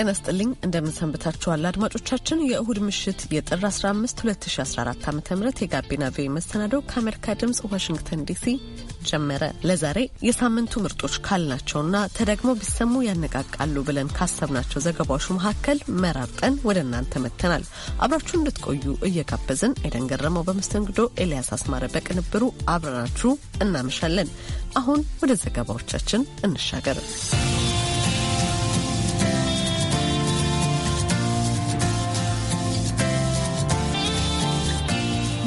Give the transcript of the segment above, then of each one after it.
ጤና ስጥልኝ እንደምንሰንብታችኋል አድማጮቻችን። የእሁድ ምሽት የጥር 15 2014 ዓ ም የጋቢና ቪኦኤ መሰናደው ከአሜሪካ ድምፅ ዋሽንግተን ዲሲ ጀመረ። ለዛሬ የሳምንቱ ምርጦች ካልናቸውና ተደግሞ ቢሰሙ ያነቃቃሉ ብለን ካሰብናቸው ዘገባዎች መካከል መራርጠን ወደ እናንተ መጥተናል። አብራችሁ እንድትቆዩ እየጋበዝን ኤደን ገረመው በመስተንግዶ፣ ኤልያስ አስማረ በቅንብሩ አብረናችሁ እናመሻለን። አሁን ወደ ዘገባዎቻችን እንሻገርም።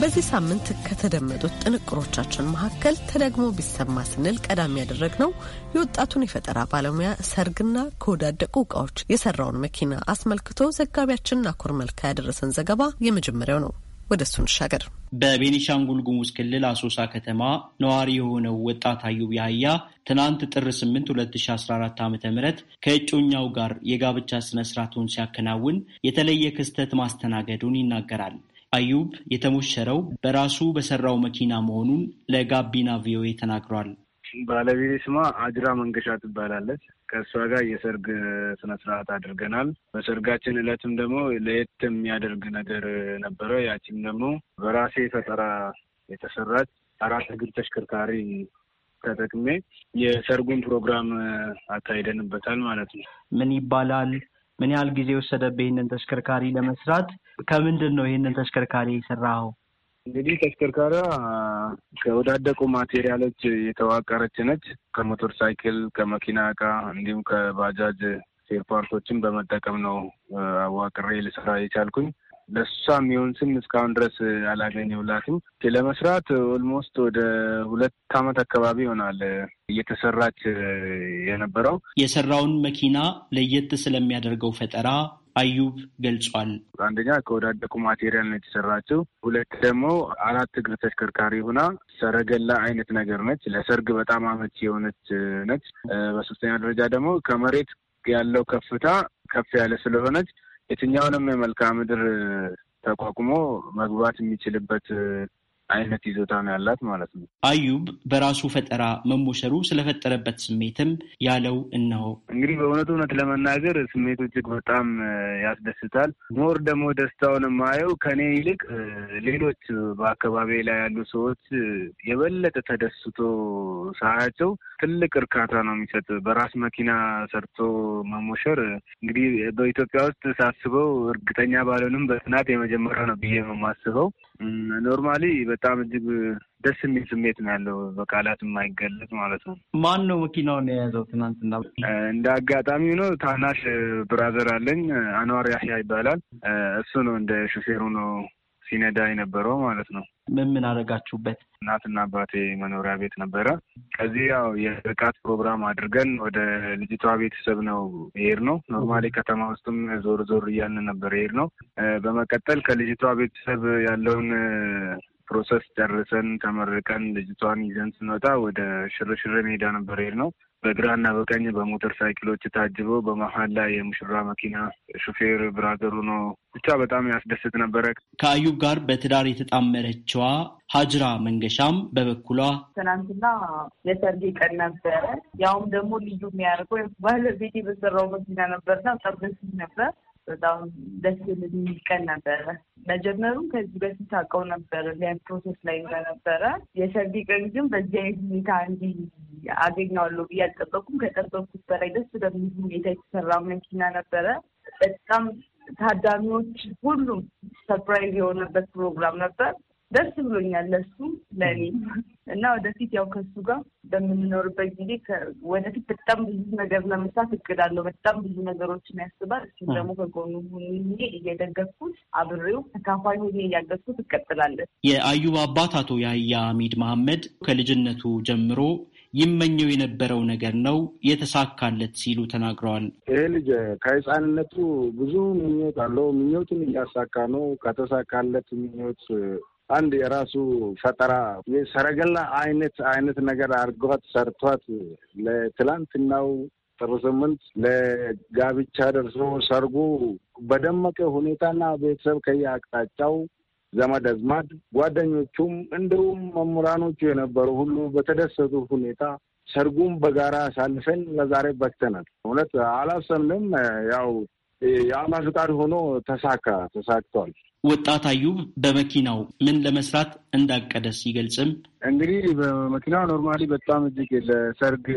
በዚህ ሳምንት ከተደመጡት ጥንቅሮቻችን መካከል ተደግሞ ቢሰማ ስንል ቀዳሚ ያደረግነው የወጣቱን የፈጠራ ባለሙያ ሰርግና ከወዳደቁ እቃዎች የሰራውን መኪና አስመልክቶ ዘጋቢያችን ናኮር መልካ ያደረሰን ዘገባ የመጀመሪያው ነው። ወደ እሱ እንሻገር። በቤኒሻንጉል ጉሙዝ ክልል አሶሳ ከተማ ነዋሪ የሆነው ወጣት አዩብ ያህያ ትናንት ጥር 8 2014 ዓ ም ከእጮኛው ጋር የጋብቻ ስነስርዓቱን ሲያከናውን የተለየ ክስተት ማስተናገዱን ይናገራል። አዩብ የተሞሸረው በራሱ በሰራው መኪና መሆኑን ለጋቢና ቪኦኤ ተናግሯል። ባለቤቴ ስሟ አጅራ መንገሻ ትባላለች። ከእሷ ጋር የሰርግ ስነስርዓት አድርገናል። በሰርጋችን እለትም ደግሞ ለየት የሚያደርግ ነገር ነበረ። ያቺም ደግሞ በራሴ ፈጠራ የተሰራች አራት እግር ተሽከርካሪ ተጠቅሜ የሰርጉን ፕሮግራም አካሂደንበታል ማለት ነው። ምን ይባላል? ምን ያህል ጊዜ ወሰደብህ ይህንን ተሽከርካሪ ለመስራት? ከምንድን ነው ይህንን ተሽከርካሪ የሰራኸው? እንግዲህ ተሽከርካሪዋ ከወዳደቁ ማቴሪያሎች የተዋቀረች ነች። ከሞተር ሳይክል፣ ከመኪና እቃ እንዲሁም ከባጃጅ ሴር በመጠቀም ነው አዋቅሬ ልሰራ የቻልኩኝ። ለእሷ የሚሆን ስም እስካሁን ድረስ አላገኘሁላትም። ለመስራት ኦልሞስት ወደ ሁለት ዓመት አካባቢ ይሆናል እየተሰራች የነበረው። የሰራውን መኪና ለየት ስለሚያደርገው ፈጠራ አዩብ ገልጿል። አንደኛ ከወዳደቁ ማቴሪያል ነው የተሰራችው። ሁለት ደግሞ አራት እግር ተሽከርካሪ ሆና ሰረገላ አይነት ነገር ነች። ለሰርግ በጣም አመች የሆነች ነች። በሶስተኛ ደረጃ ደግሞ ከመሬት ያለው ከፍታ ከፍ ያለ ስለሆነች የትኛውንም የመልክዓ ምድር ተቋቁሞ መግባት የሚችልበት አይነት ይዞታ ነው ያላት ማለት ነው። አዩብ በራሱ ፈጠራ መሞሸሩ ስለፈጠረበት ስሜትም ያለው እነሆ። እንግዲህ በእውነት እውነት ለመናገር ስሜቱ እጅግ በጣም ያስደስታል። ሞር ደግሞ ደስታውን የማየው ከኔ ይልቅ ሌሎች በአካባቢ ላይ ያሉ ሰዎች የበለጠ ተደስቶ ሳያቸው ትልቅ እርካታ ነው የሚሰጥ። በራስ መኪና ሰርቶ መሞሸር እንግዲህ በኢትዮጵያ ውስጥ ሳስበው እርግጠኛ ባልሆንም በጥናት የመጀመሪያ ነው ብዬ ነው የማስበው ኖርማሊ በጣም እጅግ ደስ የሚል ስሜት ነው ያለው፣ በቃላት የማይገለጽ ማለት ነው። ማን ነው መኪናውን የያዘው? ትናንትና እንደ አጋጣሚ ነው ታናሽ ብራዘር አለኝ፣ አንዋር ያህያ ይባላል። እሱ ነው እንደ ሹፌሩ ነው ሲነዳ የነበረው ማለት ነው። ምን ምን አደረጋችሁበት? እናትና አባቴ መኖሪያ ቤት ነበረ። ከዚህ ያው የእርቃት ፕሮግራም አድርገን ወደ ልጅቷ ቤተሰብ ነው የሄድ ነው። ኖርማሌ ከተማ ውስጥም ዞር ዞር እያልን ነበር የሄድ ነው። በመቀጠል ከልጅቷ ቤተሰብ ያለውን ፕሮሰስ ጨርሰን ተመርቀን ልጅቷን ይዘን ስንወጣ ወደ ሽርሽር ሜዳ ነበር የሄድነው። በግራና በቀኝ በሞተር ሳይክሎች ታጅቦ በመሀል ላይ የሙሽራ መኪና ሹፌር ብራዘር ነው። ብቻ በጣም ያስደስት ነበረ። ከአዩብ ጋር በትዳር የተጣመረችዋ ሀጅራ መንገሻም በበኩሏ ትናንትና የሰርጌ ቀን ነበረ። ያውም ደግሞ ልዩ የሚያደርገው ባለቤቴ በሰራው መኪና ነበርና ነበር በጣም ደስ የሚል ቀን ነበረ። መጀመሩም ከዚህ በፊት አውቀው ነበር ሊያን ፕሮሴስ ላይ እንደነበረ የሰርግ ቀን ግን በዚህ አይነት ሁኔታ እንዲህ አገኘዋለሁ ብዬ አልጠበኩም። ከጠበኩት በላይ ደስ በሚል ሁኔታ የተሰራ መኪና ነበረ። በጣም ታዳሚዎች ሁሉም ሰርፕራይዝ የሆነበት ፕሮግራም ነበር። ደስ ብሎኛል ለሱ ለእኔ እና ወደፊት ያው ከሱ ጋር በምንኖርበት ጊዜ ወደፊት በጣም ብዙ ነገር ለመስራት እቅድ አለው። በጣም ብዙ ነገሮችን ያስባል። እሱም ደግሞ ከጎኑ ሆኜ እየደገፍኩት አብሬው ተካፋይ ሆኜ እያገዝኩት እቀጥላለን። የአዩብ አባት አቶ ያህያ አሚድ መሐመድ ከልጅነቱ ጀምሮ ይመኘው የነበረው ነገር ነው የተሳካለት ሲሉ ተናግረዋል። ይህ ልጅ ከህፃንነቱ ብዙ ምኞት አለው። ምኞትን እያሳካ ነው። ከተሳካለት ምኞት አንድ የራሱ ፈጠራ የሰረገላ አይነት አይነት ነገር አድርጓት ሰርቷት ለትላንትናው ጥር ስምንት ለጋብቻ ደርሶ ሰርጉ በደመቀ ሁኔታና ቤተሰብ ከየአቅጣጫው ዘመድ አዝማድ ጓደኞቹም እንዲሁም መምህራኖቹ የነበሩ ሁሉ በተደሰቱ ሁኔታ ሰርጉም በጋራ አሳልፈን ለዛሬ በክተናል። እውነት አላሰምንም። ያው የአላህ ፍቃድ ሆኖ ተሳካ ተሳክቷል። ወጣት አዩብ በመኪናው ምን ለመስራት እንዳቀደ ሲገልጽም እንግዲህ በመኪናው ኖርማሊ በጣም እጅግ ለሰርግ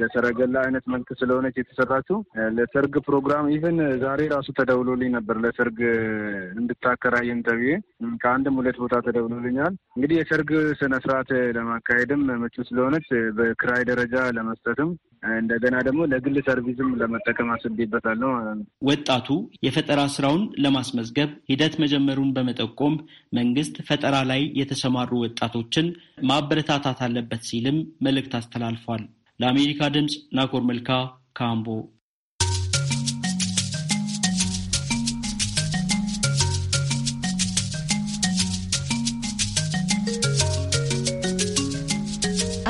ለሰረገላ አይነት መልክ ስለሆነች የተሰራችው ለሰርግ ፕሮግራም ኢቨን ዛሬ ራሱ ተደውሎልኝ ነበር ለሰርግ እንድታከራየን ተብዬ ከአንድም ሁለት ቦታ ተደውሎልኛል። እንግዲህ የሰርግ ስነስርዓት ለማካሄድም ምቹ ስለሆነች በክራይ ደረጃ ለመስጠትም እንደገና ደግሞ ለግል ሰርቪስም ለመጠቀም አስቤበታል ነው። ወጣቱ የፈጠራ ስራውን ለማስመዝገብ ሂደት መጀመሩን በመጠቆም መንግስት ፈጠራ ላይ የተሰማሩ ወጣቶችን ማበረታታት አለበት ሲልም መልእክት አስተላልፏል። ለአሜሪካ ድምፅ ናኮር መልካ ካምቦ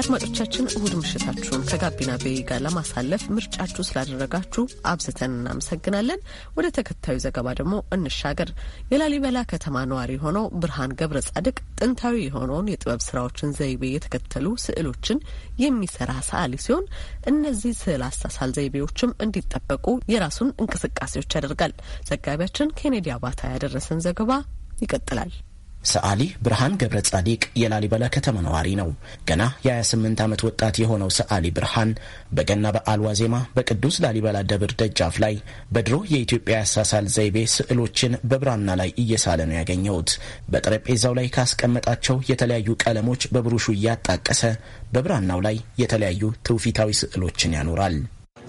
አድማጮቻችን እሁድ ምሽታችሁን ከጋቢና ቤ ጋር ለማሳለፍ ምርጫችሁ ስላደረጋችሁ አብዝተን እናመሰግናለን። ወደ ተከታዩ ዘገባ ደግሞ እንሻገር። የላሊበላ ከተማ ነዋሪ የሆነው ብርሃን ገብረ ጻድቅ ጥንታዊ የሆነውን የጥበብ ስራዎችን ዘይቤ የተከተሉ ስዕሎችን የሚሰራ ሰዓሊ ሲሆን እነዚህ ስዕል አሳሳል ዘይቤዎችም እንዲጠበቁ የራሱን እንቅስቃሴዎች ያደርጋል። ዘጋቢያችን ኬኔዲ አባታ ያደረሰን ዘገባ ይቀጥላል። ሰዓሊ ብርሃን ገብረ ጻዲቅ የላሊበላ ከተማ ነዋሪ ነው። ገና የ28 ዓመት ወጣት የሆነው ሰዓሊ ብርሃን በገና በዓል ዋዜማ በቅዱስ ላሊበላ ደብር ደጃፍ ላይ በድሮ የኢትዮጵያ ያሳሳል ዘይቤ ስዕሎችን በብራና ላይ እየሳለ ነው ያገኘሁት። በጠረጴዛው ላይ ካስቀመጣቸው የተለያዩ ቀለሞች በብሩሹ እያጣቀሰ በብራናው ላይ የተለያዩ ትውፊታዊ ስዕሎችን ያኖራል።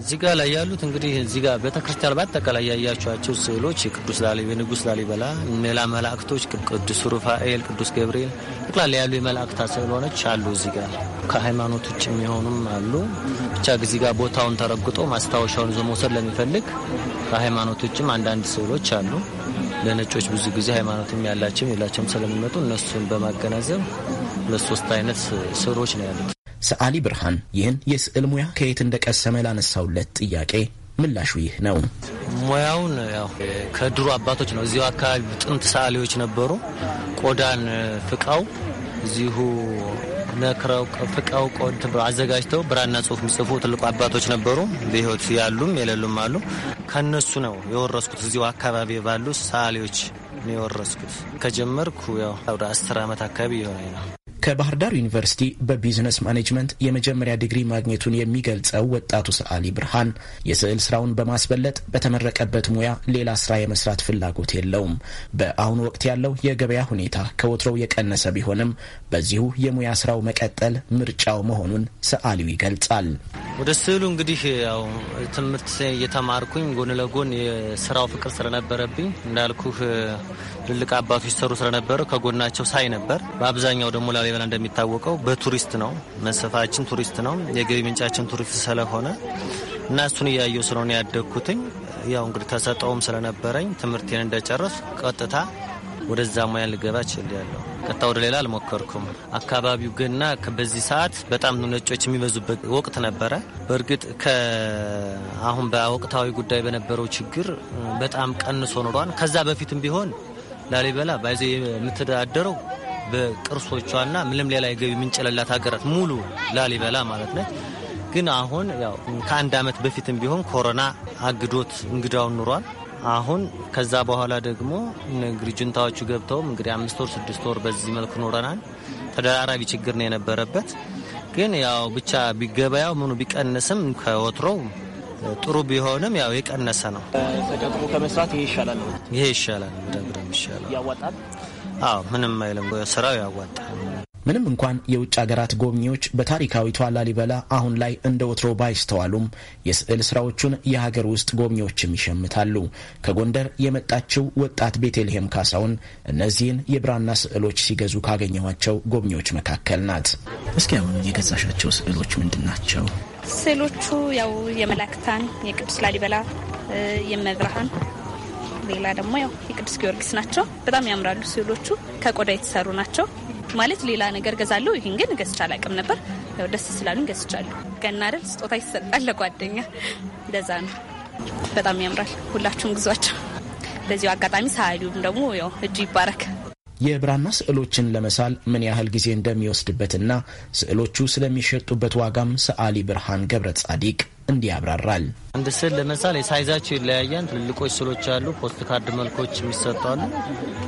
እዚህ ጋር ላይ ያሉት እንግዲህ እዚህ ጋር ቤተክርስቲያን በአጠቃላይ ያያቸዋቸው ስዕሎች የቅዱስ ንጉስ ላሊበላ፣ ሌላ መላእክቶች፣ ቅዱስ ሩፋኤል፣ ቅዱስ ገብርኤል ጠቅላላ ያሉ የመላእክታ ስዕሎች አሉ። እዚህ ጋር ከሃይማኖት ውጭ የሚሆኑም አሉ። ብቻ እዚህ ጋር ቦታውን ተረግጦ ማስታወሻውን ይዞ መውሰድ ለሚፈልግ ከሃይማኖት ውጭም አንዳንድ ስዕሎች አሉ። ለነጮች ብዙ ጊዜ ሃይማኖትም ያላቸውም የላቸውም ስለሚመጡ እነሱን በማገናዘብ ለሶስት አይነት ስዕሎች ነው ያሉት። ሰዓሊ ብርሃን ይህን የስዕል ሙያ ከየት እንደቀሰመ ላነሳውለት ጥያቄ ምላሹ ይህ ነው። ሙያውን ያው ከድሮ አባቶች ነው። እዚሁ አካባቢ ጥንት ሰዓሊዎች ነበሩ። ቆዳን ፍቃው እዚሁ ነክረው ፍቀው ቆድ አዘጋጅተው ብራና ጽሁፍ የሚጽፉ ትልቁ አባቶች ነበሩ። በህይወት ያሉም የሌሉም አሉ። ከነሱ ነው የወረስኩት። እዚሁ አካባቢ ባሉ ሰዓሊዎች ነው የወረስኩት። ከጀመርኩ ያው አስር ዓመት አካባቢ የሆነ ነው። ከባህር ዳር ዩኒቨርሲቲ በቢዝነስ ማኔጅመንት የመጀመሪያ ዲግሪ ማግኘቱን የሚገልጸው ወጣቱ ሰዓሊ ብርሃን የስዕል ስራውን በማስበለጥ በተመረቀበት ሙያ ሌላ ስራ የመስራት ፍላጎት የለውም። በአሁኑ ወቅት ያለው የገበያ ሁኔታ ከወትሮው የቀነሰ ቢሆንም በዚሁ የሙያ ስራው መቀጠል ምርጫው መሆኑን ሰዓሊው ይገልጻል። ወደ ስዕሉ እንግዲህ ያው ትምህርት እየተማርኩኝ ጎን ለጎን የስራው ፍቅር ስለነበረብኝ እንዳልኩህ ትልቅ አባቶች ሰሩ ስለነበረ ከጎናቸው ሳይ ነበር። በአብዛኛው ደግሞ ላሊበላ እንደሚታወቀው በቱሪስት ነው መሰፋችን፣ ቱሪስት ነው የገቢ ምንጫችን ቱሪስት ስለሆነ እና እሱን እያየው ስለሆነ ያደግኩትኝ ያው እንግዲህ ተሰጠውም ስለነበረኝ ትምህርቴን እንደጨረስ ቀጥታ ወደዛ ሙያ ልገባ ችል ያለው ቀጥታ ወደ ሌላ አልሞከርኩም። አካባቢው ግና በዚህ ሰዓት በጣም ነጮች የሚበዙበት ወቅት ነበረ። በእርግጥ አሁን በወቅታዊ ጉዳይ በነበረው ችግር በጣም ቀንሶ ኖሯል። ከዛ በፊትም ቢሆን ላሊበላ ባይዘ የምትተዳደረው በቅርሶቿና ምንም ሌላ የገቢ ምንጭ የሌላት ሀገራት ሙሉ ላሊበላ ማለት ነች። ግን አሁን ያው ከአንድ አመት በፊትም ቢሆን ኮሮና አግዶት እንግዳውን ኑሯል። አሁን ከዛ በኋላ ደግሞ ጅንታዎቹ ገብተውም እንግዲህ አምስት ወር ስድስት ወር በዚህ መልክ ኖረናል። ተደራራቢ ችግር ነው የነበረበት። ግን ያው ብቻ ቢገበያው ምኑ ቢቀንስም ከወትሮው ጥሩ ቢሆንም ያው የቀነሰ ነው። ተቀጥሮ ከመስራት ይሄ ይሻላል ነው ይሄ ይሻላል፣ ደብረም ይሻላል። ያዋጣል። አዎ ምንም አይልም። ስራው ያዋጣል። ምንም እንኳን የውጭ ሀገራት ጎብኚዎች በታሪካዊቷ ላሊበላ አሁን ላይ እንደ ወትሮ ባይስተዋሉም የስዕል ስራዎቹን የሀገር ውስጥ ጎብኚዎችም ይሸምታሉ። ከጎንደር የመጣችው ወጣት ቤቴልሄም ካሳውን እነዚህን የብራና ስዕሎች ሲገዙ ካገኘኋቸው ጎብኚዎች መካከል ናት። እስኪ አሁን የገዛሻቸው ስዕሎች ምንድን ናቸው? ስዕሎቹ ያው የመላክታን፣ የቅዱስ ላሊበላ፣ የመብርሃን ሌላ ደግሞ ያው የቅዱስ ጊዮርጊስ ናቸው። በጣም ያምራሉ ስዕሎቹ። ከቆዳ የተሰሩ ናቸው። ማለት ሌላ ነገር ገዛለሁ፣ ይህን ግን ገዝቼ አላውቅም ነበር። ያው ደስ ስላሉኝ ገዝቻለሁ። ገና አይደል ስጦታ ይሰጣል ለጓደኛ፣ እንደዛ ነው። በጣም ያምራል። ሁላችሁም ግዟቸው። በዚሁ አጋጣሚ ሰዓሊውም ደግሞ ያው እጁ ይባረክ። የብራና ስዕሎችን ለመሳል ምን ያህል ጊዜ እንደሚወስድበትና ስዕሎቹ ስለሚሸጡበት ዋጋም ሰዓሊ ብርሃን ገብረ ጻዲቅ እንዲያብራራል። አንድ ስዕል ለምሳሌ ሳይዛቸው ይለያያል። ትልልቆች ስዕሎች አሉ፣ ፖስት ካርድ መልኮች የሚሰጡ አሉ።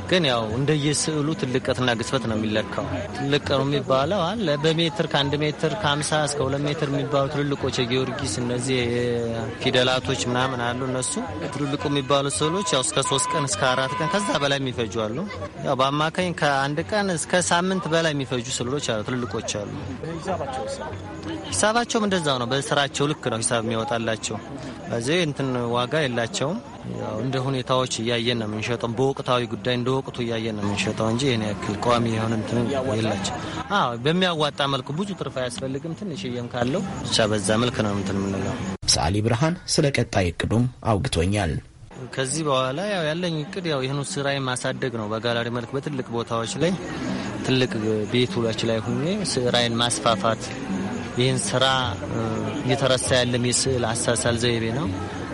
ግን ያው እንደየስዕሉ ትልቀትና ግዝፈት ነው የሚለካው። ትልቅ ነው የሚባለው አለ በሜትር ከአንድ ሜትር ከአምሳ እስከ ሁለት ሜትር የሚባሉ ትልልቆች የጊዮርጊስ እነዚህ ፊደላቶች ምናምን አሉ። እነሱ ትልልቁ የሚባሉ ስዕሎች ያው እስከ ሶስት ቀን እስከ አራት ቀን ከዛ በላይ የሚፈጁ አሉ። ያው በአማካኝ ከአንድ ቀን እስከ ሳምንት በላይ የሚፈጁ ስዕሎች አሉ፣ ትልልቆች አሉ። ሂሳባቸውም እንደዛው ነው። በስራቸው ልክ ነው ሂሳብ የሚወጣላቸው በዚህ እንትን ዋጋ የላቸውም። እንደ ሁኔታዎች እያየን ነው የምንሸጠው። በወቅታዊ ጉዳይ እንደ ወቅቱ እያየን ነው የምንሸጠው እንጂ ይህን ያክል ቋሚ የሆነ እንትን የላቸው። አዎ በሚያዋጣ መልኩ ብዙ ትርፍ አያስፈልግም። ትንሽዬም ካለው ብቻ በዛ መልክ ነው እንትን የምንለው። ሰዓሊ ብርሃን ስለ ቀጣይ እቅዱም አውግቶኛል። ከዚህ በኋላ ያው ያለኝ እቅድ ያው ይህኑ ስራዬ ማሳደግ ነው። በጋላሪ መልክ በትልቅ ቦታዎች ላይ ትልቅ ቤቶች ላይ ሁኜ ስራዬን ማስፋፋት ይህን ስራ እየተረሳ ያለም የስዕል አሳሳል ዘይቤ ነው።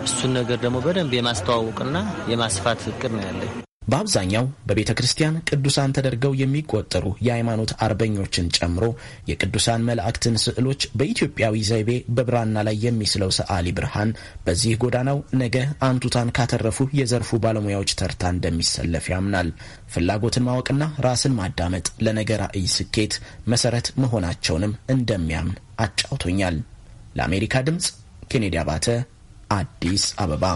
እሱን ነገር ደግሞ በደንብ የማስተዋወቅና የማስፋት እቅድ ነው ያለኝ። በአብዛኛው በቤተ ክርስቲያን ቅዱሳን ተደርገው የሚቆጠሩ የሃይማኖት አርበኞችን ጨምሮ የቅዱሳን መላእክትን ስዕሎች በኢትዮጵያዊ ዘይቤ በብራና ላይ የሚስለው ሰዓሊ ብርሃን በዚህ ጎዳናው ነገ አንቱታን ካተረፉ የዘርፉ ባለሙያዎች ተርታ እንደሚሰለፍ ያምናል። ፍላጎትን ማወቅና ራስን ማዳመጥ ለነገ ራዕይ ስኬት መሰረት መሆናቸውንም እንደሚያምን አጫውቶኛል። ለአሜሪካ ድምፅ ኬኔዲ አባተ አዲስ አበባ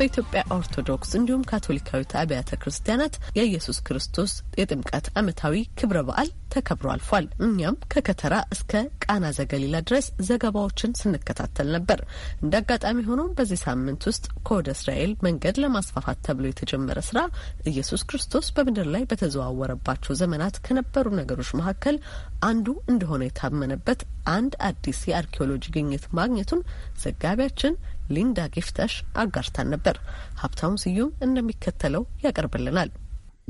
በኢትዮጵያ ኦርቶዶክስ እንዲሁም ካቶሊካዊት አብያተ ክርስቲያናት የኢየሱስ ክርስቶስ የጥምቀት ዓመታዊ ክብረ በዓል ተከብሮ አልፏል። እኛም ከከተራ እስከ ቃና ዘገሊላ ድረስ ዘገባዎችን ስንከታተል ነበር። እንደ አጋጣሚ ሆኖ በዚህ ሳምንት ውስጥ ከወደ እስራኤል መንገድ ለማስፋፋት ተብሎ የተጀመረ ስራ ኢየሱስ ክርስቶስ በምድር ላይ በተዘዋወረባቸው ዘመናት ከነበሩ ነገሮች መካከል አንዱ እንደሆነ የታመነበት አንድ አዲስ የአርኪኦሎጂ ግኝት ማግኘቱን ዘጋቢያችን ሊንዳ ጊፍተሽ አጋርታን ነበር። ሀብታሙ ስዩም እንደሚከተለው ያቀርብልናል።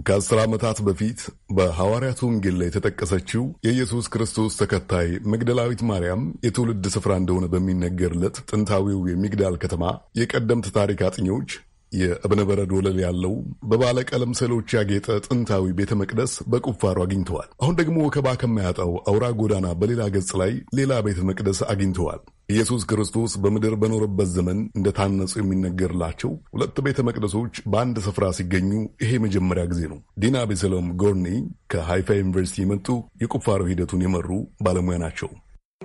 ከአስር ዓመታት በፊት በሐዋርያቱ ወንጌል ላይ የተጠቀሰችው የኢየሱስ ክርስቶስ ተከታይ መግደላዊት ማርያም የትውልድ ስፍራ እንደሆነ በሚነገርለት ጥንታዊው የሚግዳል ከተማ የቀደምት ታሪክ አጥኚዎች የእብነበረድ ወለል ያለው በባለቀለም ስዕሎች ያጌጠ ጥንታዊ ቤተ መቅደስ በቁፋሮ አግኝተዋል። አሁን ደግሞ ወከባ ከማያጣው አውራ ጎዳና በሌላ ገጽ ላይ ሌላ ቤተ መቅደስ አግኝተዋል። ኢየሱስ ክርስቶስ በምድር በኖረበት ዘመን እንደታነጹ የሚነገርላቸው ሁለት ቤተ መቅደሶች በአንድ ስፍራ ሲገኙ ይሄ መጀመሪያ ጊዜ ነው። ዲና ቤሰሎም ጎርኒ ከሃይፋ ዩኒቨርሲቲ የመጡ የቁፋሮ ሂደቱን የመሩ ባለሙያ ናቸው።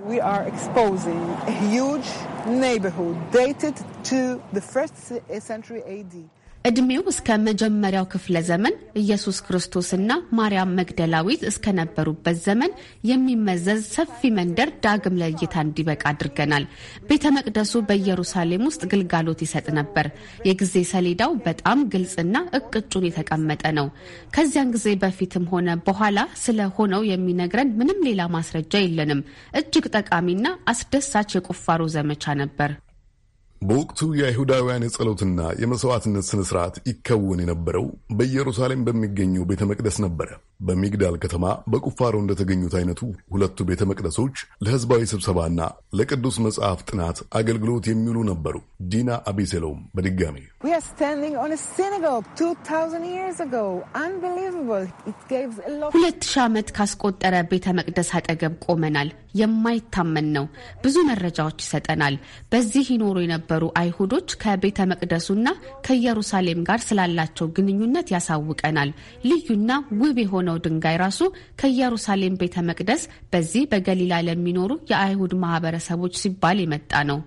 we are exposing a huge neighborhood dated to the first century AD. እድሜው እስከ መጀመሪያው ክፍለ ዘመን ኢየሱስ ክርስቶስና ማርያም መግደላዊት እስከነበሩበት ዘመን የሚመዘዝ ሰፊ መንደር ዳግም ለእይታ እንዲበቃ አድርገናል። ቤተ መቅደሱ በኢየሩሳሌም ውስጥ ግልጋሎት ይሰጥ ነበር። የጊዜ ሰሌዳው በጣም ግልጽና እቅጩን የተቀመጠ ነው። ከዚያን ጊዜ በፊትም ሆነ በኋላ ስለሆነው የሚነግረን ምንም ሌላ ማስረጃ የለንም። እጅግ ጠቃሚና አስደሳች የቁፋሮ ዘመቻ ነበር። በወቅቱ የአይሁዳውያን የጸሎትና የመሥዋዕትነት ሥነ ሥርዓት ይከውን የነበረው በኢየሩሳሌም በሚገኘው ቤተ መቅደስ ነበረ። በሚግዳል ከተማ በቁፋሮ እንደተገኙት አይነቱ ሁለቱ ቤተ መቅደሶች ለሕዝባዊ ስብሰባና ለቅዱስ መጽሐፍ ጥናት አገልግሎት የሚውሉ ነበሩ። ዲና አቤሴሎም በድጋሚ ሁለት ሺህ ዓመት ካስቆጠረ ቤተ መቅደስ አጠገብ ቆመናል። የማይታመን ነው። ብዙ መረጃዎች ይሰጠናል። በዚህ ይኖሩ የነበሩ አይሁዶች ከቤተ መቅደሱና ከኢየሩሳሌም ጋር ስላላቸው ግንኙነት ያሳውቀናል። ልዩና ውብ የሆነ የሆነው ድንጋይ ራሱ ከኢየሩሳሌም ቤተ መቅደስ በዚህ በገሊላ ለሚኖሩ የአይሁድ ማህበረሰቦች ሲባል የመጣ ነው።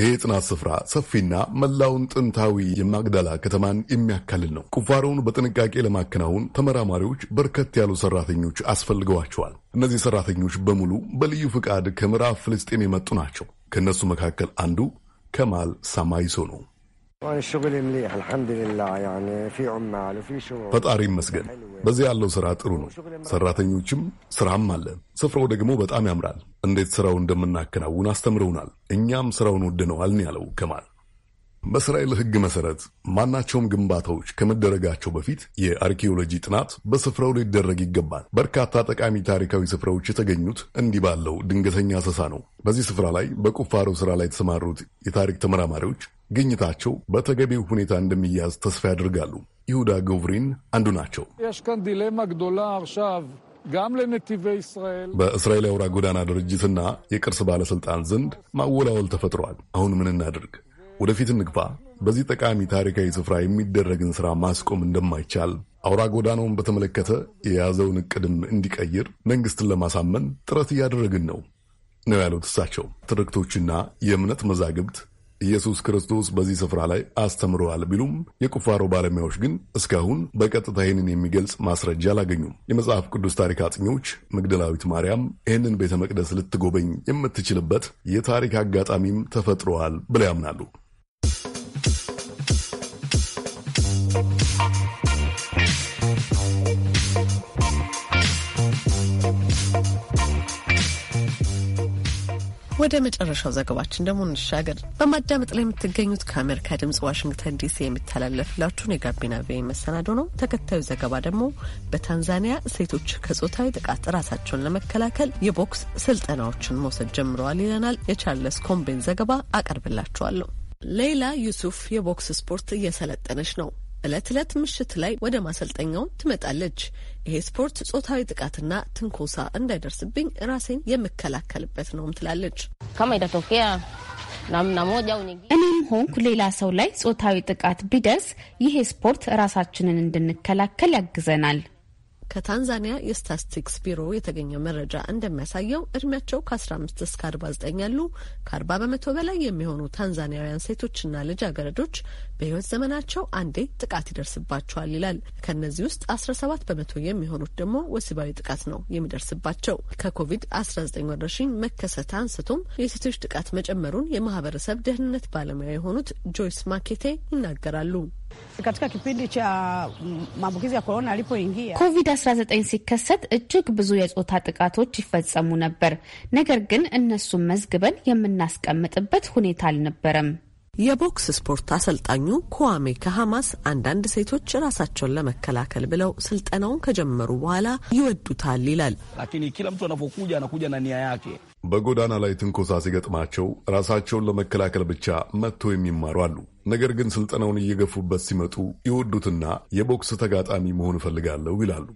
ይህ የጥናት ስፍራ ሰፊና መላውን ጥንታዊ የማግዳላ ከተማን የሚያካልል ነው። ቁፋሮውን በጥንቃቄ ለማከናወን ተመራማሪዎች በርከት ያሉ ሰራተኞች አስፈልገዋቸዋል። እነዚህ ሰራተኞች በሙሉ በልዩ ፍቃድ ከምዕራብ ፍልስጤም የመጡ ናቸው። ከእነሱ መካከል አንዱ ከማል ሳማይሶ ነው። ፈጣሪ ይመስገን። በዚህ ያለው ስራ ጥሩ ነው። ሰራተኞችም ስራም አለ። ስፍራው ደግሞ በጣም ያምራል። እንዴት ስራው እንደምናከናውን አስተምረውናል። እኛም ስራውን ወደነዋል ነው ያለው ከማል በእስራኤል ሕግ መሠረት ማናቸውም ግንባታዎች ከመደረጋቸው በፊት የአርኪኦሎጂ ጥናት በስፍራው ሊደረግ ይገባል። በርካታ ጠቃሚ ታሪካዊ ስፍራዎች የተገኙት እንዲህ ባለው ድንገተኛ አሰሳ ነው። በዚህ ስፍራ ላይ በቁፋሮ ስራ ላይ የተሰማሩት የታሪክ ተመራማሪዎች ግኝታቸው በተገቢው ሁኔታ እንደሚያዝ ተስፋ ያደርጋሉ። ይሁዳ ጎብሪን አንዱ ናቸው። በእስራኤል አውራ ጎዳና ድርጅትና የቅርስ ባለሥልጣን ዘንድ ማወላወል ተፈጥሯል። አሁን ምን እናድርግ? ወደፊት እንግፋ። በዚህ ጠቃሚ ታሪካዊ ስፍራ የሚደረግን ስራ ማስቆም እንደማይቻል አውራ ጎዳናውን በተመለከተ የያዘውን እቅድም እንዲቀይር መንግስትን ለማሳመን ጥረት እያደረግን ነው ነው ያሉት እሳቸው። ትርክቶችና የእምነት መዛግብት ኢየሱስ ክርስቶስ በዚህ ስፍራ ላይ አስተምረዋል ቢሉም የቁፋሮ ባለሙያዎች ግን እስካሁን በቀጥታ ይህንን የሚገልጽ ማስረጃ አላገኙም። የመጽሐፍ ቅዱስ ታሪክ አጥኚዎች መግደላዊት ማርያም ይህንን ቤተ መቅደስ ልትጎበኝ የምትችልበት የታሪክ አጋጣሚም ተፈጥረዋል ብለው ያምናሉ። ወደ መጨረሻው ዘገባችን ደግሞ እንሻገር። በማዳመጥ ላይ የምትገኙት ከአሜሪካ ድምጽ ዋሽንግተን ዲሲ የሚተላለፍላችሁን የጋቢና ቪ መሰናዶ ነው። ተከታዩ ዘገባ ደግሞ በታንዛኒያ ሴቶች ከጾታዊ ጥቃት ራሳቸውን ለመከላከል የቦክስ ስልጠናዎችን መውሰድ ጀምረዋል ይለናል። የቻርለስ ኮምቤን ዘገባ አቀርብላችኋለሁ። ሌይላ ዩሱፍ የቦክስ ስፖርት እየሰለጠነች ነው። ዕለት ዕለት ምሽት ላይ ወደ ማሰልጠኛው ትመጣለች። ይሄ ስፖርት ጾታዊ ጥቃትና ትንኮሳ እንዳይደርስብኝ ራሴን የምከላከልበት ነውም ትላለች። እኔም ሆንኩ ሌላ ሰው ላይ ጾታዊ ጥቃት ቢደርስ ይሄ ስፖርት ራሳችንን እንድንከላከል ያግዘናል። ከታንዛኒያ የስታስቲክስ ቢሮ የተገኘው መረጃ እንደሚያሳየው እድሜያቸው ከ15 እስከ 49 ያሉ ከ40 በመቶ በላይ የሚሆኑ ታንዛኒያውያን ሴቶችና ልጃገረዶች በህይወት ዘመናቸው አንዴ ጥቃት ይደርስባቸዋል ይላል። ከእነዚህ ውስጥ 17 በመቶ የሚሆኑት ደግሞ ወሲባዊ ጥቃት ነው የሚደርስባቸው። ከኮቪድ-19 ወረርሽኝ መከሰት አንስቶም የሴቶች ጥቃት መጨመሩን የማህበረሰብ ደህንነት ባለሙያ የሆኑት ጆይስ ማኬቴ ይናገራሉ። katika kipindi cha mm, maambukizi ya korona alipoingia ኮቪድ-19 ሲከሰት እጅግ ብዙ የጾታ ጥቃቶች ይፈጸሙ ነበር። ነገር ግን እነሱን መዝግበን የምናስቀምጥበት ሁኔታ አልነበረም። የቦክስ ስፖርት አሰልጣኙ ኮዋሜ ከሐማስ አንዳንድ ሴቶች ራሳቸውን ለመከላከል ብለው ስልጠናውን ከጀመሩ በኋላ ይወዱታል ይላል። በጎዳና ላይ ትንኮሳ ሲገጥማቸው ራሳቸውን ለመከላከል ብቻ መጥተው የሚማሩ አሉ። ነገር ግን ስልጠናውን እየገፉበት ሲመጡ ይወዱትና የቦክስ ተጋጣሚ መሆን እፈልጋለሁ ይላሉ።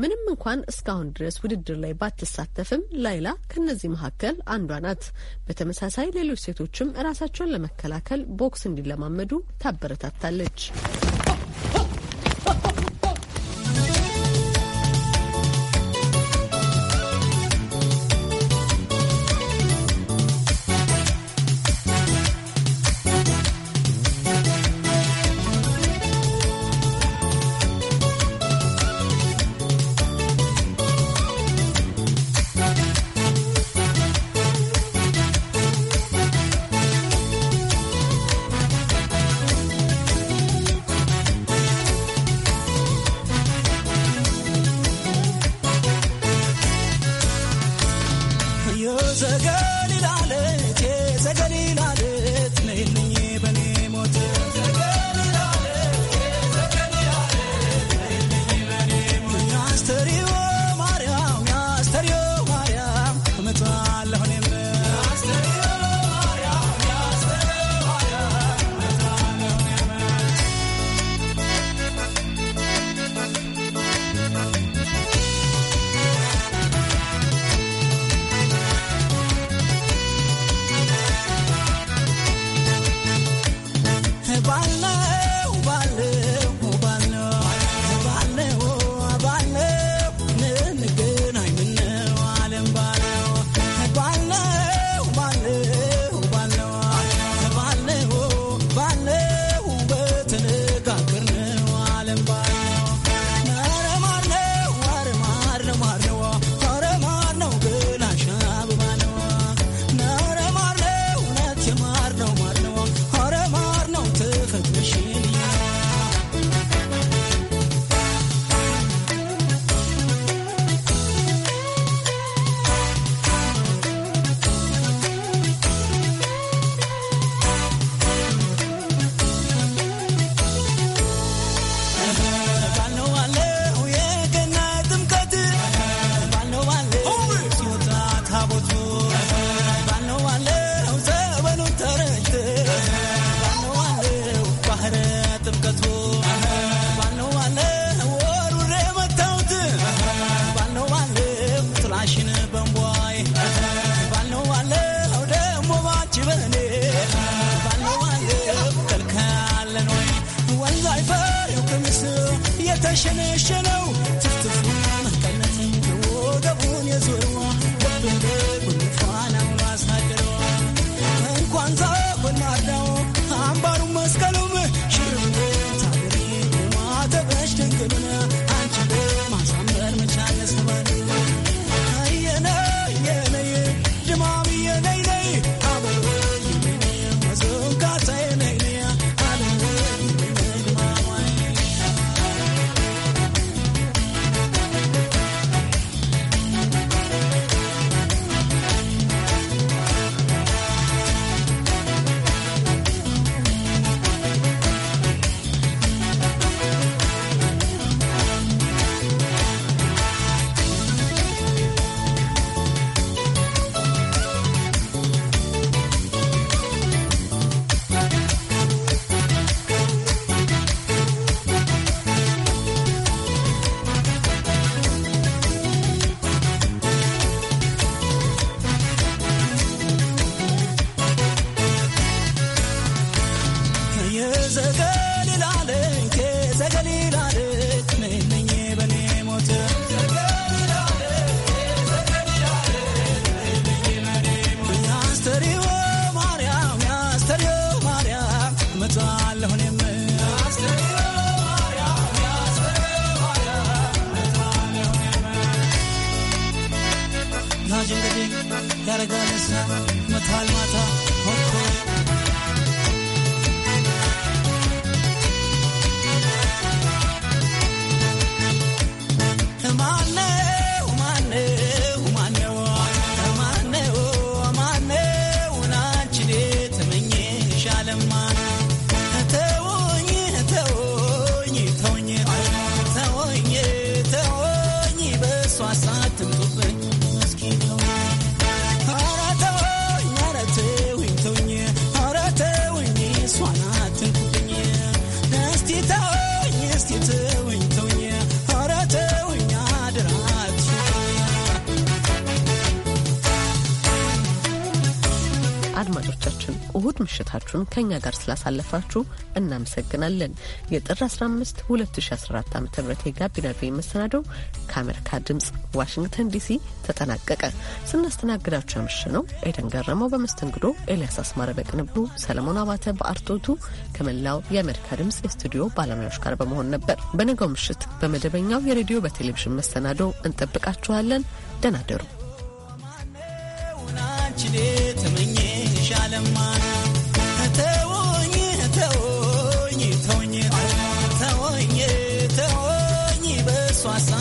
ምንም እንኳን እስካሁን ድረስ ውድድር ላይ ባትሳተፍም ላይላ ከእነዚህ መካከል አንዷ ናት። በተመሳሳይ ሌሎች ሴቶችም ራሳቸውን ለመከላከል ቦክስ እንዲለማመዱ ታበረታታለች። years ago. ምሽታችሁን ከኛ ጋር ስላሳለፋችሁ እናመሰግናለን። የጥር 15 2014 ዓ ም የጋቢና ቪ መሰናደው ከአሜሪካ ድምፅ ዋሽንግተን ዲሲ ተጠናቀቀ። ስናስተናግዳችሁ ያምሽ ነው ኤደን ገረመው፣ በመስተንግዶ ኤልያስ አስማረ፣ በቅንብሩ ሰለሞን አባተ፣ በአርቶቱ ከመላው የአሜሪካ ድምፅ የስቱዲዮ ባለሙያዎች ጋር በመሆን ነበር። በነገው ምሽት በመደበኛው የሬዲዮ በቴሌቪዥን መሰናዶ እንጠብቃችኋለን። ደህና ደሩ። ተወኝ ተወኝ ተወኝ በሷ